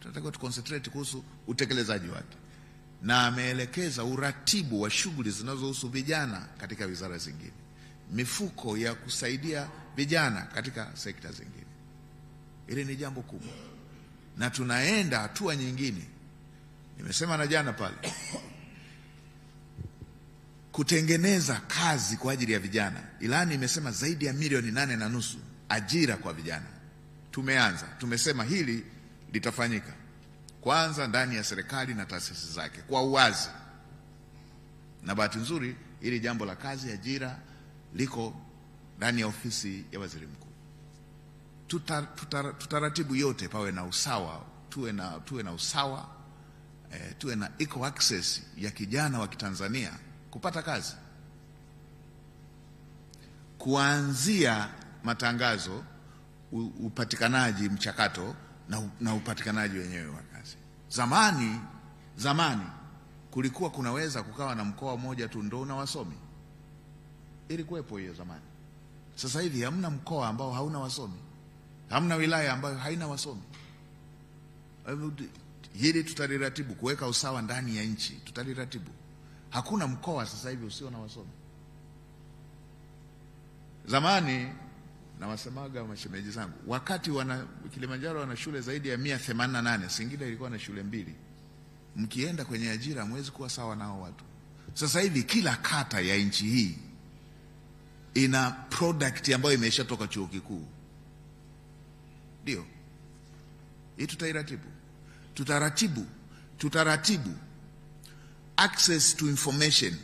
tunatakiwa tuconcentrate kuhusu utekelezaji wake, na ameelekeza uratibu wa shughuli zinazohusu vijana katika wizara zingine, mifuko ya kusaidia vijana katika sekta zingine. Hili ni jambo kubwa, na tunaenda hatua nyingine. Nimesema na jana pale kutengeneza kazi kwa ajili ya vijana. Ilani imesema zaidi ya milioni nane na nusu ajira kwa vijana. Tumeanza, tumesema hili litafanyika kwanza ndani ya serikali na taasisi zake kwa uwazi, na bahati nzuri hili jambo la kazi, ajira liko ndani ya ofisi ya waziri mkuu. Tutaratibu tuta, tuta yote pawe na usawa, tuwe na, tuwe na usawa eh, tuwe na equal access ya kijana wa Kitanzania kupata kazi kuanzia matangazo, upatikanaji, mchakato na, na upatikanaji wenyewe wa kazi. Zamani zamani kulikuwa kunaweza kukawa na mkoa mmoja tu ndio una wasomi, ilikuwepo hiyo zamani. Sasa hivi hamna mkoa ambao hauna wasomi, hamna wilaya ambayo haina wasomi. Hili tutaliratibu kuweka usawa ndani ya nchi, tutaliratibu. Hakuna mkoa sasa hivi usio na wasomi. Zamani na wasemaga mashemeji zangu, wakati wana Kilimanjaro wana shule zaidi ya mia themanini na nane. Singida ilikuwa na shule mbili. Mkienda kwenye ajira mwezi kuwa sawa nao watu. Sasa hivi kila kata ya nchi hii ina product ambayo imeshatoka chuo kikuu, ndio hii tutairatibu, tutaratibu, tutaratibu access to information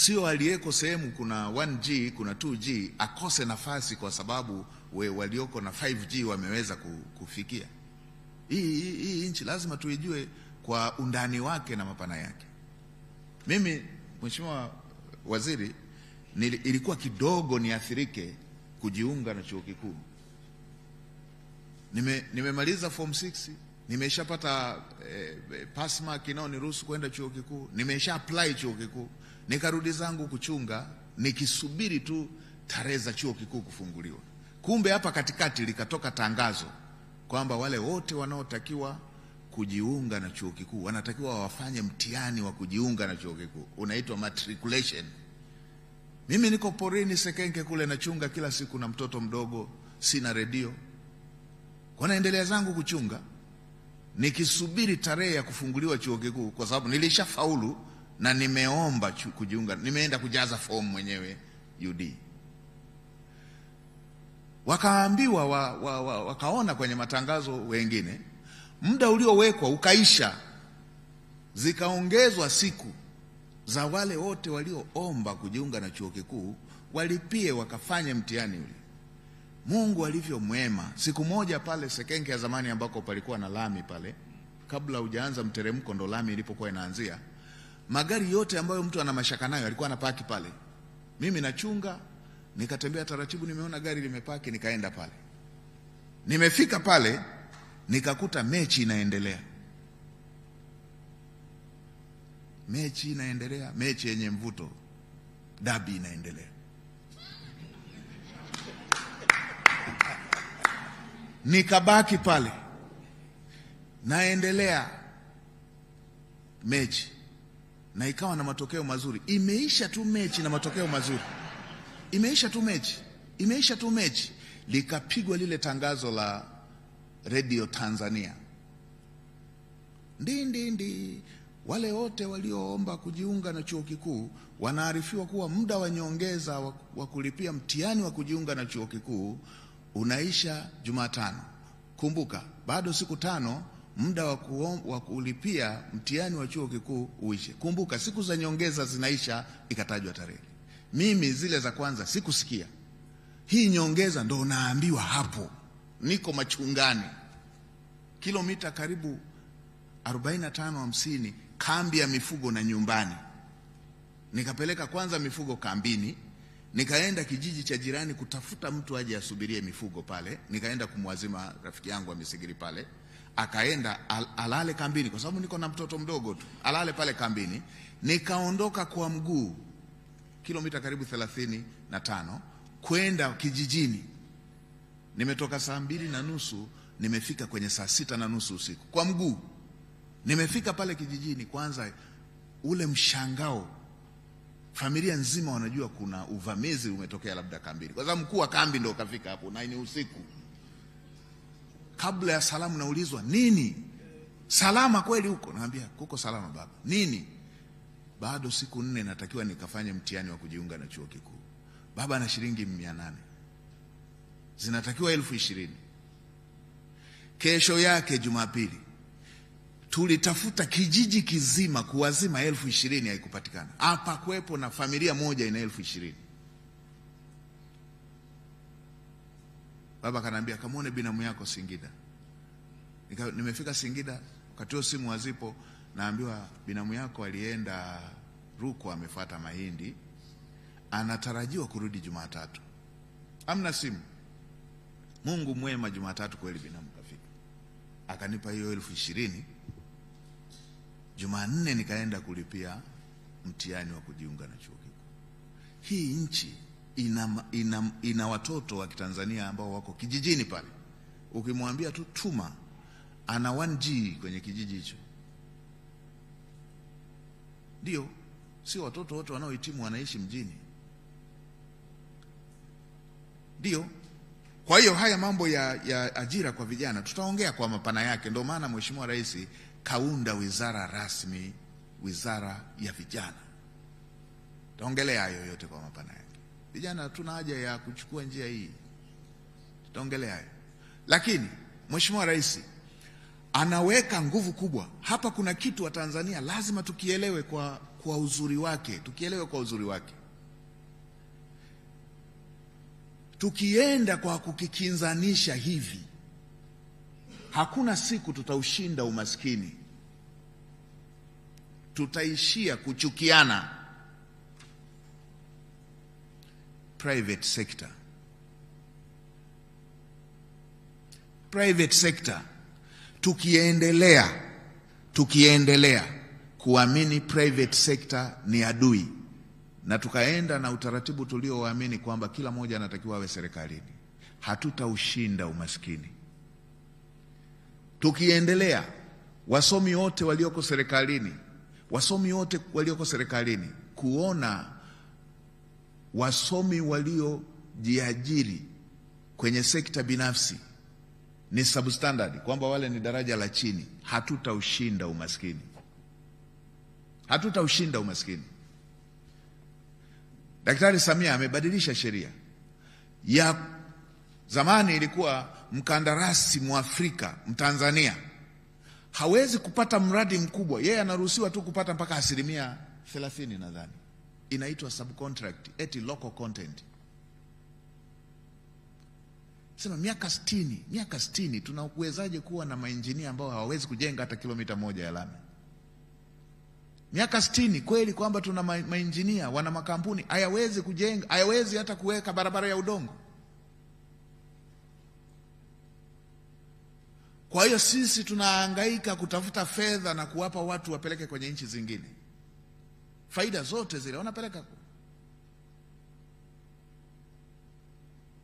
sio aliyeko sehemu kuna 1G kuna 2G akose nafasi kwa sababu we walioko na 5G wameweza kufikia. Hii, hii, hii nchi lazima tuijue kwa undani wake na mapana yake. Mimi Mheshimiwa Waziri, nil, ilikuwa kidogo niathirike kujiunga na chuo kikuu. Nime, nimemaliza form 6 nimeshapata eh, eh pasma kinao niruhusu kwenda chuo kikuu, nimesha apply chuo kikuu Nikarudi zangu kuchunga nikisubiri tu tarehe za chuo kikuu kufunguliwa. Kumbe hapa katikati likatoka tangazo kwamba wale wote wanaotakiwa kujiunga na chuo kikuu wanatakiwa wafanye mtihani wa kujiunga na chuo kikuu unaitwa matriculation. Mimi niko porini Sekenke kule nachunga kila siku na mtoto mdogo, sina redio, kwa naendelea zangu kuchunga nikisubiri tarehe ya kufunguliwa chuo kikuu, kwa sababu nilishafaulu na nimeomba kujiunga, nimeenda kujaza fomu mwenyewe UD. Wakaambiwa wa, wa, wa, wakaona kwenye matangazo wengine muda uliowekwa ukaisha, zikaongezwa siku za wale wote walioomba kujiunga na chuo kikuu walipie wakafanye mtihani ule. Mungu alivyo mwema, siku moja pale Sekenge ya zamani ambako palikuwa na lami pale, kabla hujaanza mteremko ndo lami ilipokuwa inaanzia magari yote ambayo mtu ana mashaka nayo alikuwa anapaki pale. Mimi nachunga, nikatembea taratibu, nimeona gari limepaki, nikaenda pale. Nimefika pale nikakuta mechi inaendelea, mechi inaendelea, mechi yenye mvuto, dabi inaendelea. Nikabaki pale, naendelea mechi na ikawa na matokeo mazuri. Imeisha tu mechi na matokeo mazuri, imeisha tu mechi, imeisha tu mechi, likapigwa lile tangazo la redio Tanzania, ndindindi ndi. Wale wote walioomba kujiunga na chuo kikuu wanaarifiwa kuwa muda wa nyongeza wa kulipia mtihani wa kujiunga na chuo kikuu unaisha Jumatano. Kumbuka bado siku tano muda wa kulipia mtihani wa chuo kikuu uishe. Kumbuka siku za nyongeza zinaisha, ikatajwa tarehe. Mimi zile za kwanza sikusikia, hii nyongeza ndo naambiwa hapo. Niko machungani, kilomita karibu 45 hamsini, kambi ya mifugo na nyumbani. Nikapeleka kwanza mifugo kambini, nikaenda kijiji cha jirani kutafuta mtu aje asubirie mifugo pale. Nikaenda kumwazima rafiki yangu amesigiri pale akaenda al alale kambini, kwa sababu niko na mtoto mdogo tu, alale pale kambini. Nikaondoka kwa mguu kilomita karibu thelathini na tano kwenda kijijini. Nimetoka saa mbili na nusu nimefika kwenye saa sita na nusu usiku kwa mguu. Nimefika pale kijijini, kwanza ule mshangao, familia nzima wanajua kuna uvamizi umetokea labda kambini, kwa sababu mkuu wa kambi ndo kafika hapo na ni usiku kabla ya salamu naulizwa nini, salama kweli huko? Naambia kuko salama baba. Nini? Bado siku nne natakiwa nikafanye mtihani wa kujiunga na chuo kikuu baba, na shilingi mia nane zinatakiwa elfu ishirini Kesho yake Jumapili tulitafuta kijiji kizima kuwazima elfu ishirini haikupatikana. Hapa kwepo na familia moja ina elfu ishirini Baba kanaambia kamwone binamu yako Singida. Nika, nimefika Singida, wakati huo simu hazipo, naambiwa binamu yako alienda Ruko amefuata mahindi, anatarajiwa kurudi Jumatatu. Amna simu. Mungu mwema, Jumatatu kweli binamu kafika, akanipa hiyo elfu ishirini. Jumanne nikaenda kulipia mtihani wa kujiunga na chuo kikuu. Hii nchi ina, ina, ina watoto wa Kitanzania ambao wako kijijini pale, ukimwambia tu tuma, ana 1G kwenye kijiji hicho. Ndio, sio watoto wote wanaohitimu wanaishi mjini. Ndio. Kwa hiyo haya mambo ya, ya ajira kwa vijana tutaongea kwa mapana yake. Ndio maana Mheshimiwa Rais kaunda wizara rasmi, wizara ya vijana. Tutaongelea hayo yote kwa mapana yake. Vijana hatuna haja ya kuchukua njia hii, tutaongelea hayo. Lakini Mheshimiwa Rais anaweka nguvu kubwa hapa. Kuna kitu wa tanzania lazima tukielewe kwa, kwa uzuri wake, tukielewe kwa uzuri wake. Tukienda kwa kukikinzanisha hivi, hakuna siku tutaushinda umaskini, tutaishia kuchukiana. private sector. Private sector, tukiendelea tukiendelea kuamini private sector ni adui na tukaenda na utaratibu tulioamini kwamba kila mmoja anatakiwa awe serikalini, hatutaushinda umaskini. Tukiendelea wasomi wote walioko serikalini, wasomi wote walioko serikalini kuona wasomi waliojiajiri kwenye sekta binafsi ni substandard, kwamba wale ni daraja la chini, hatutaushinda umaskini, hatutaushinda umaskini. Daktari Samia amebadilisha sheria ya zamani, ilikuwa mkandarasi Mwafrika Mtanzania hawezi kupata mradi mkubwa, yeye anaruhusiwa tu kupata mpaka asilimia thelathini nadhani inaitwa subcontract, eti local content. Sema miaka sitini, miaka sitini, tunawezaje kuwa na mainjinia ambao hawawezi kujenga hata kilomita moja ya lami? Miaka sitini, kweli kwamba tuna mainjinia wana makampuni hayawezi kujenga, hayawezi hata kuweka barabara ya udongo. Kwa hiyo sisi tunahangaika kutafuta fedha na kuwapa watu wapeleke kwenye nchi zingine faida zote zile wanapeleka ku.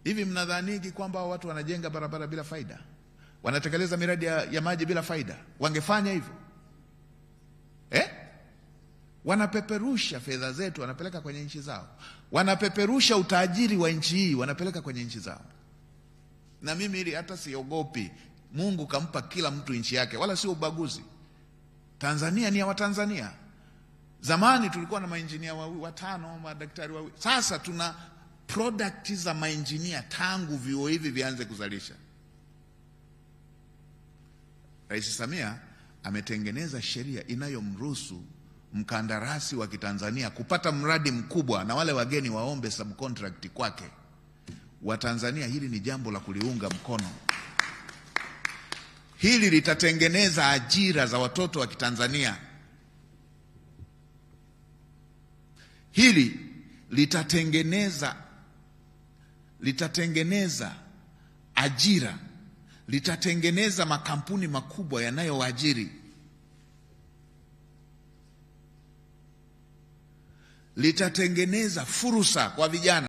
Hivi mnadhaniki kwamba watu wanajenga barabara bila faida, wanatekeleza miradi ya, ya maji bila faida? Wangefanya hivyo eh? Wanapeperusha fedha zetu wanapeleka kwenye nchi zao, wanapeperusha utajiri wa nchi hii wanapeleka kwenye nchi zao. Na mimi ili hata siogopi. Mungu kampa kila mtu nchi yake, wala sio ubaguzi. Tanzania ni ya Watanzania. Zamani tulikuwa na mainjinia watano, madaktari wawili. Sasa tuna product za mainjinia tangu vyuo hivi vianze kuzalisha. Rais Samia ametengeneza sheria inayomruhusu mkandarasi wa Kitanzania kupata mradi mkubwa na wale wageni waombe subcontract kwake. Watanzania, hili ni jambo la kuliunga mkono. Hili litatengeneza ajira za watoto wa Kitanzania. Hili litatengeneza litatengeneza ajira, litatengeneza makampuni makubwa yanayoajiri, litatengeneza fursa kwa vijana.